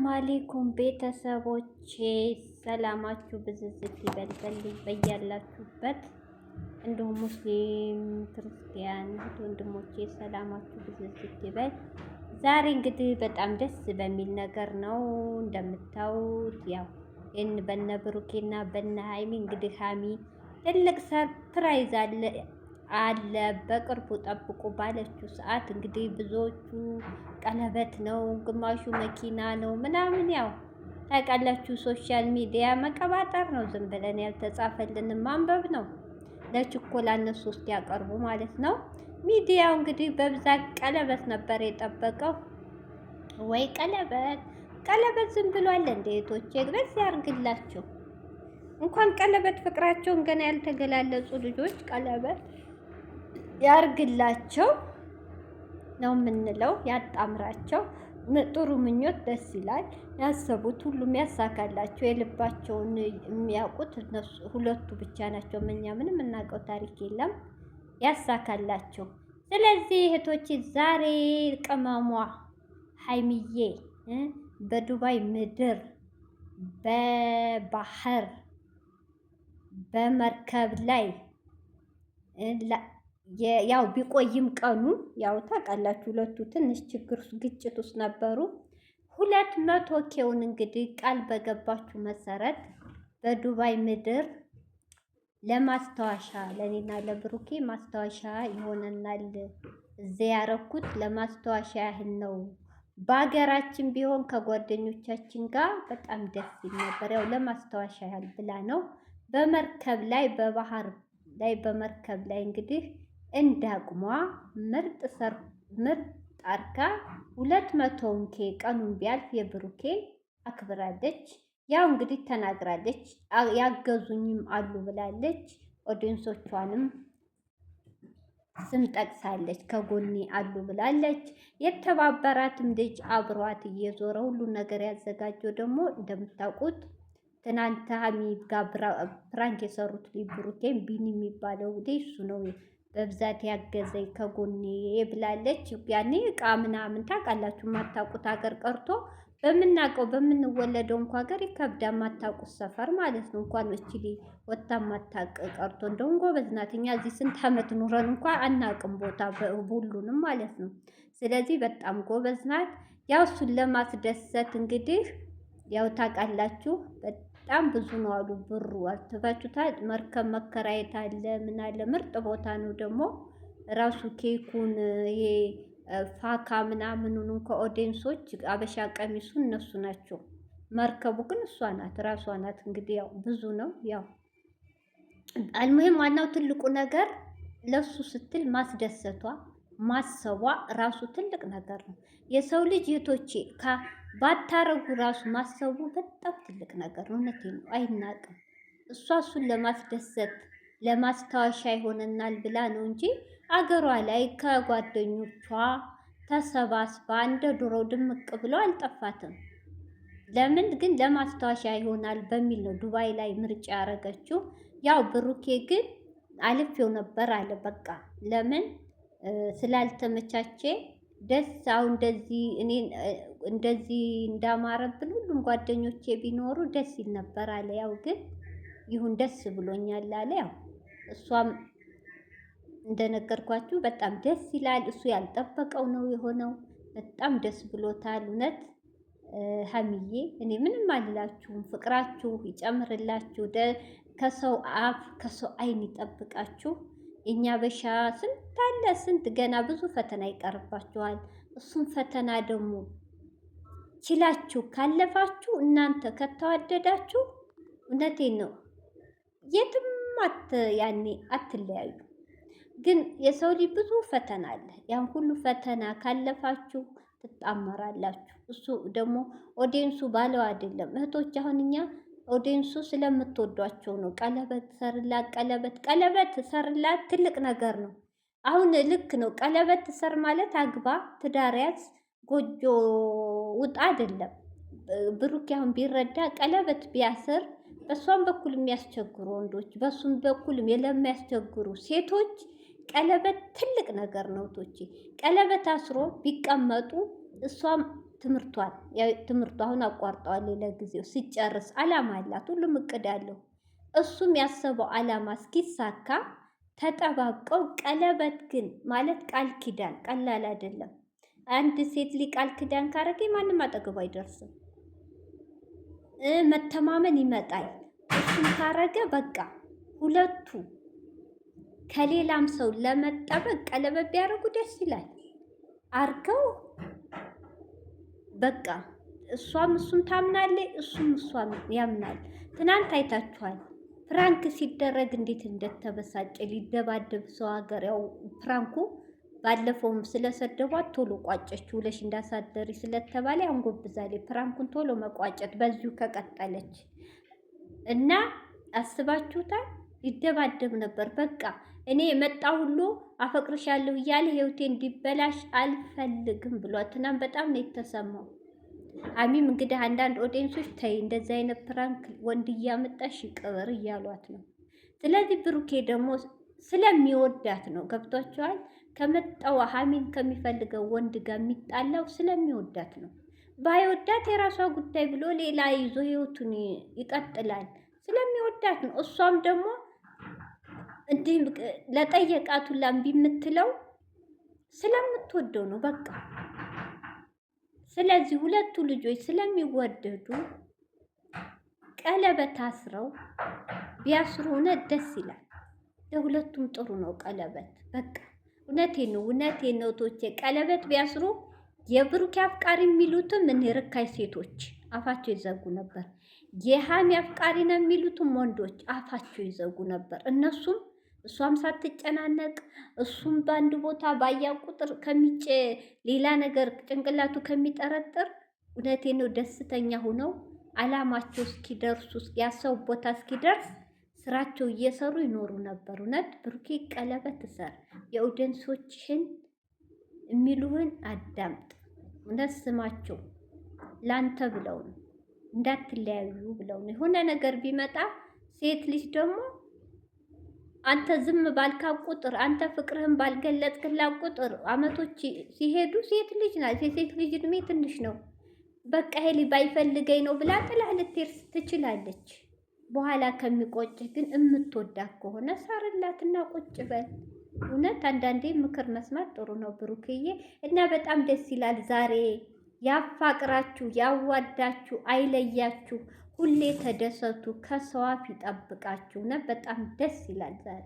ሰላም አሌኩም ቤተሰቦቼ፣ ሰላማችሁ ብዝዝት ይበልበልኝ በያላችሁበት። እንዲሁም ሙስሊም ክርስቲያን ወንድሞቼ ሰላማችሁ ብዝዝት ይበል። ዛሬ እንግዲህ በጣም ደስ በሚል ነገር ነው እንደምታዩት፣ ያው ይህን በነ ብሩኬና በነ ሀይሚ እንግዲህ ሀሚ ትልቅ ሰርፕራይዝ አለ አለ በቅርቡ ጠብቁ ባለችው ሰዓት እንግዲህ ብዙዎቹ ቀለበት ነው፣ ግማሹ መኪና ነው ምናምን ያው ታውቃላችሁ፣ ሶሻል ሚዲያ መቀባጠር ነው። ዝም ብለን ያልተጻፈልን ማንበብ ነው። ለችኮላ እነሱ ውስጥ ያቀርቡ ማለት ነው። ሚዲያው እንግዲህ በብዛት ቀለበት ነበር የጠበቀው። ወይ ቀለበት ቀለበት ዝም ብሏል እንደ የቶቼ በዚህ ያርግላችሁ። እንኳን ቀለበት ፍቅራቸውን ገና ያልተገላለጹ ልጆች ቀለበት ያርግላቸው ነው የምንለው። ያጣምራቸው። ጥሩ ምኞት ደስ ይላል። ያሰቡት ሁሉም ያሳካላቸው። የልባቸውን የሚያውቁት ሁለቱ ብቻ ናቸው። እኛ ምንም እናውቀው ታሪክ የለም። ያሳካላቸው። ስለዚህ እህቶች ዛሬ ቅመሟ ሀይሚዬ በዱባይ ምድር በባህር በመርከብ ላይ ያው ቢቆይም ቀኑ ያው ታውቃላችሁ፣ ሁለቱ ትንሽ ችግር ግጭት ውስጥ ነበሩ። ሁለት መቶ ኬውን እንግዲህ ቃል በገባችሁ መሰረት በዱባይ ምድር ለማስታወሻ ለኔና ለብሩኬ ማስታወሻ ይሆነናል። እዚያ ያረኩት ለማስታወሻ ያህል ነው። በሀገራችን ቢሆን ከጓደኞቻችን ጋር በጣም ደስ ይል ነበር። ያው ለማስታወሻ ያህል ብላ ነው በመርከብ ላይ በባህር ላይ በመርከብ ላይ እንግዲህ እንዳቅሟ ምርጥ አርካ ሁለት መቶውን ኬ ቀኑን ቢያልፍ የብሩኬ አክብራለች። ያው እንግዲህ ተናግራለች። ያገዙኝም አሉ ብላለች። ኦዲየንሶቿንም ስም ጠቅሳለች። ከጎኔ አሉ ብላለች። የተባበራትም ልጅ አብሯት እየዞረ ሁሉ ነገር ያዘጋጀው ደግሞ እንደምታውቁት ትናንት ሀሚ ጋር ፕራንክ የሰሩት ብሩኬን ቢኒ የሚባለው እሱ ነው። በብዛት ያገዘኝ ከጎኔ ብላለች። ያኔ እቃ ምናምን ታውቃላችሁ፣ የማታውቁት ሀገር ቀርቶ በምናውቀው በምንወለደው እንኳ ሀገር ይከብዳ። የማታውቁት ሰፈር ማለት ነው። እንኳን እችሊ ወታ ማታቅ ቀርቶ እንደውም ጎበዝ ናት። እኛ እዚህ ስንት ዓመት ኑረን እንኳ አናውቅም ቦታ ሁሉንም ማለት ነው። ስለዚህ በጣም ጎበዝ ናት። ያው እሱን ለማስደሰት እንግዲህ ያው ታውቃላችሁ በጣም ብዙ ነው አሉ ብሩ። አስተታችሁታል። መርከብ መከራየት አለ ምን አለ። ምርጥ ቦታ ነው ደግሞ ራሱ ኬኩን ይሄ ፋካ ምናምኑን ከኦዲየንሶች አበሻ ቀሚሱ እነሱ ናቸው። መርከቡ ግን እሷ ናት ራሷ ናት። እንግዲህ ያው ብዙ ነው ያው አልሙሄም ዋናው ትልቁ ነገር ለሱ ስትል ማስደሰቷ ማሰቧ ራሱ ትልቅ ነገር ነው። የሰው ልጅ የቶቼ ባታረጉ ራሱ ማሰቡ በጣም ትልቅ ነገር ነው። እውነቴ ነው፣ አይናቅም። እሷ እሱን ለማስደሰት ለማስታወሻ ይሆነናል ብላ ነው እንጂ አገሯ ላይ ከጓደኞቿ ተሰባስባ እንደ ድሮ ድምቅ ብለው አልጠፋትም። ለምን ግን ለማስታወሻ ይሆናል በሚል ነው ዱባይ ላይ ምርጫ ያደረገችው። ያው ብሩኬ ግን አልፌው ነበር አለ በቃ ለምን ስላልተመቻቸ ደስ አሁን እንደዚህ እኔ እንደዚህ እንዳማረብን ሁሉም ጓደኞቼ ቢኖሩ ደስ ይል ነበር አለ። ያው ግን ይሁን ደስ ብሎኛል አለ። ያው እሷም እንደነገርኳችሁ በጣም ደስ ይላል። እሱ ያልጠበቀው ነው የሆነው። በጣም ደስ ብሎታል። እውነት ሀሚዬ እኔ ምንም አልላችሁም። ፍቅራችሁ ይጨምርላችሁ። ከሰው አፍ ከሰው አይን ይጠብቃችሁ። እኛ በሻ ስንት አለ ስንት ገና ብዙ ፈተና ይቀርባችኋል። እሱም ፈተና ደግሞ ችላችሁ ካለፋችሁ እናንተ ከተዋደዳችሁ እውነቴ ነው የትም ያኔ አትለያዩ። ግን የሰው ልጅ ብዙ ፈተና አለ። ያን ሁሉ ፈተና ካለፋችሁ ትጣመራላችሁ። እሱ ደግሞ ኦዲየንሱ ባለው አይደለም እህቶች አሁን እኛ ኦዲንሱ ስለምትወዷቸው ነው። ቀለበት ሰርላት፣ ቀለበት ቀለበት ሰርላት ትልቅ ነገር ነው። አሁን ልክ ነው። ቀለበት ሰር ማለት አግባ፣ ትዳሪያት ጎጆ ውጣ አይደለም። ብሩክ አሁን ቢረዳ ቀለበት ቢያስር በእሷም በኩል የሚያስቸግሩ ወንዶች፣ በሱም በኩል ለሚያስቸግሩ ሴቶች ቀለበት ትልቅ ነገር ነው። ቶቼ ቀለበት አስሮ ቢቀመጡ እሷም ትምህርቷን ትምህርቱ አሁን አቋርጠዋል። ጊዜው ሲጨርስ አላማ አላት፣ ሁሉም እቅድ አለው። እሱም ያሰበው አላማ እስኪሳካ ተጠባብቀው ቀለበት ግን ማለት ቃል ኪዳን ቀላል አይደለም። አንድ ሴት ሊ ቃል ኪዳን ካረገ ማንም አጠገቡ አይደርስም። መተማመን ይመጣል። እሱም ካረገ በቃ ሁለቱ ከሌላም ሰው ለመጠበቅ ቀለበት ቢያደርጉ ደስ ይላል አርገው በቃ እሷም እሱም ታምናለች፣ እሱም እሷም ያምናል። ትናንት አይታችኋል ፍራንክ ሲደረግ እንዴት እንደተበሳጨ ሊደባደብ ሰው ሀገር። ያው ፍራንኩ ባለፈውም ስለሰደቧት ቶሎ ቋጨች። ውለሽ እንዳሳደሪ ስለተባለ አንጎብዛሌ ፍራንኩን ቶሎ መቋጨት በዚሁ ከቀጠለች እና አስባችሁታል፣ ይደባደብ ነበር በቃ እኔ የመጣ ሁሉ አፈቅርሻለሁ እያለ ህይወቴ እንዲበላሽ አልፈልግም ብሏል። ትናንት በጣም ነው የተሰማው። አሚም እንግዲህ አንዳንድ ኦዲየንሶች ተይ እንደዚህ አይነት ፕራንክ ወንድ እያመጣሽ ይቅበር እያሏት ነው። ስለዚህ ብሩኬ ደግሞ ስለሚወዳት ነው። ገብቷቸዋል። ከመጣው ሀሚን ከሚፈልገው ወንድ ጋር የሚጣላው ስለሚወዳት ነው። ባይወዳት የራሷ ጉዳይ ብሎ ሌላ ይዞ ህይወቱን ይቀጥላል። ስለሚወዳት ነው። እሷም ደግሞ እንዲህ ለጠየቃቱ ላምቢ የምትለው ስለምትወደው ነው በቃ። ስለዚህ ሁለቱ ልጆች ስለሚወደዱ ቀለበት አስረው ቢያስሩ እውነት ደስ ይላል። ለሁለቱም ጥሩ ነው ቀለበት በቃ። እውነቴ ነው እውነቴ ነው ቶቼ ቀለበት ቢያስሩ የብሩኬ አፍቃሪ የሚሉትም እኔ ርካይ ሴቶች አፋቸው ይዘጉ ነበር። የሀሚ አፍቃሪ ነው የሚሉትም ወንዶች አፋቸው ይዘጉ ነበር እነሱም እሷም ሳትጨናነቅ እሱም በአንድ ቦታ ባያ ቁጥር ከሚጭ ሌላ ነገር ጭንቅላቱ ከሚጠረጥር እውነቴ ነው ደስተኛ ሆነው አላማቸው እስኪደርሱ ያሰው ቦታ እስኪደርስ ስራቸው እየሰሩ ይኖሩ ነበር። እውነት ብሩኬ ቀለበት እሰር፣ የኦዲየንሶችሽን የሚሉህን አዳምጥ። እውነት ስማቸው ላንተ ብለው ነው እንዳትለያዩ ብለው ነው። የሆነ ነገር ቢመጣ ሴት ልጅ ደግሞ አንተ ዝም ባልካ ቁጥር አንተ ፍቅርህን ባልገለጥክላ ቁጥር አመቶች ሲሄዱ ሴት ልጅ ናት። የሴት ልጅ እድሜ ትንሽ ነው። በቃ ሄሊ ባይፈልገኝ ነው ብላ ጥላህ ልትሄድ ትችላለች። በኋላ ከሚቆጭ ግን እምትወዳ ከሆነ ሳርላትና ቁጭ በል። እውነት አንዳንዴ ምክር መስማት ጥሩ ነው ብሩክዬ። እና በጣም ደስ ይላል ዛሬ ያፋቅራችሁ ያዋዳችሁ አይለያችሁ። ሁሌ ተደሰቱ፣ ከሰዋ ይጠብቃችሁ። ነ በጣም ደስ ይላል ዛሬ